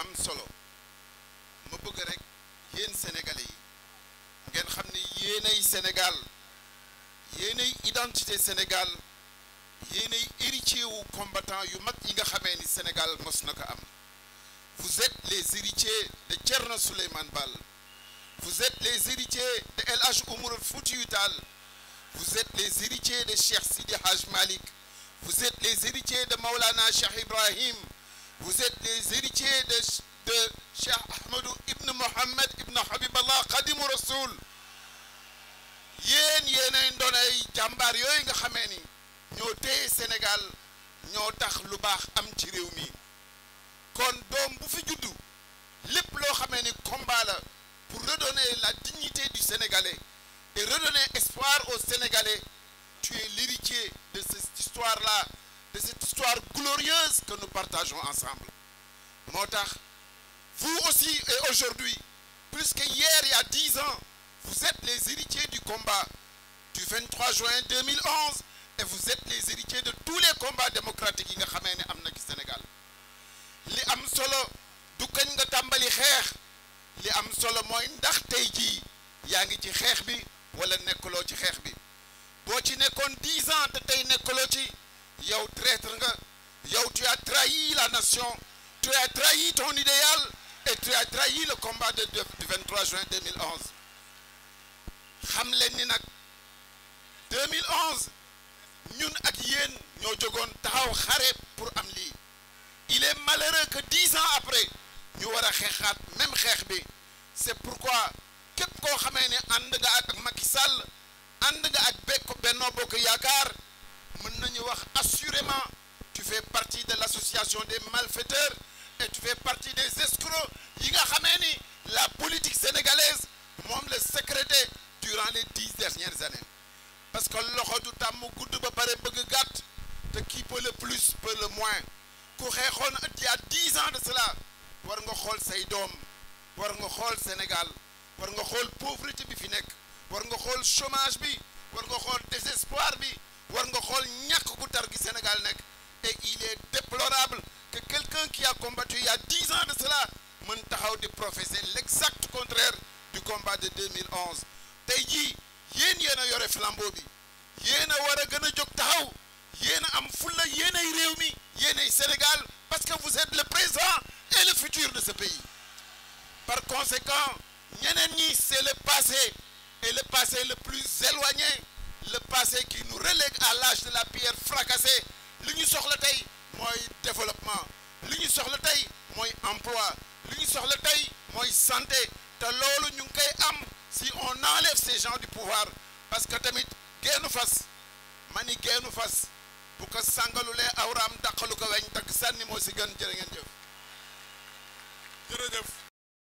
am solo ma bëgg rek yéen sénégalais yi ngeen xam ne yéenay Sénégal yéenay identité Sénégal yéenay héritier wu combattant yu mag yi nga xamee ni Sénégal mos na ko am vous êtes les héritiers de Thierno Souleymane Baal vous êtes les héritiers de El Hadj Oumar Foutiyou Tall vous êtes les héritiers de Cheikh Sidi Hadj Malick vous êtes les héritiers de Maulana Cheikh Ibrahim Vous êtes des héritiers de, de Cheikh Ahmadou ibn Mohamed ibn Habiballah Khadimu Rasoul yéen yéenay ndonay jàmbaar yooyu nga xamee ni ñoo téye senegal ñoo tax lu baax am ci réew mi kon doom bu fi juddu lépp loo xamee ni combat la pour redonner la dignité des histoires glorieuses que nous partageons ensemble moo tax vous aussi et aujourd'hui plus que hier il y a dix ans vous êtes les héritiers du combat du 23 juin 2011 et vous êtes les héritiers de tous les combats démocratiques yi nga xamee ne am na ci Sénégal li am solo du kañ nga tàmbali xeex li am solo mooy ndax tey jii yaa ngi ci xeex bi walla nekkaloo ci xeex bi boo ci nekkoon dix ans te tey nekkaloo ci yow traître nga yow tu as trahi la nation tu as trahi ton idéal et tu as trahi le combat de du 23 juin 2011 xam leen ni nag 2011 ñun ak yéen ñoo jogoon taxaw xare pour am lii il est malheureux que ans après ñu war a xeexaat même xeex bi c'est pourquoi képp koo xamee ne ànd nga ak Macky Sall ànd nga ak Benno Bokk Yaakaar mën nañu wax assurément tu fais partie de l'association des malfaiteurs et tu fais partie des escrocs yi nga xamee ni la politique sénégalaise moom la sécrété durant les dix dernières années parce que loxo du tàmm gudd ba pare bëgg gàtt te qui peut le plus peut le moins ku xeexoon il y a dix ans de cela war nga xool say doom war nga xool Sénégal war nga xool pauvreté bi fi nekk war nga xool chômage bi di professer l'exact contraire du combat de 2011 tey jii yéen yéen a yore flambeau bi yéen a war a gën a jóg taxaw yéen a am fulla yéen ay réew mi yéen ay Sénégal parce que vous êtes le présent et le futur de ce pays par conséquent ñeneen ñi c'est le passé et le passé le plus éloigné le passé qui nous relègue à l'âge de la pierre fracassée li ñu soxla tey mooy développement li ñu soxla tey mooy emploi soxla tey mooy santé te loolu ñu ngi koy am si on enlève ces gens du pouvoir parce que tamit geenu fas ma ni geenu fas bu ko sangalulee awraam dàqalu ko weñ takk sànni moo si gën jërë ngeen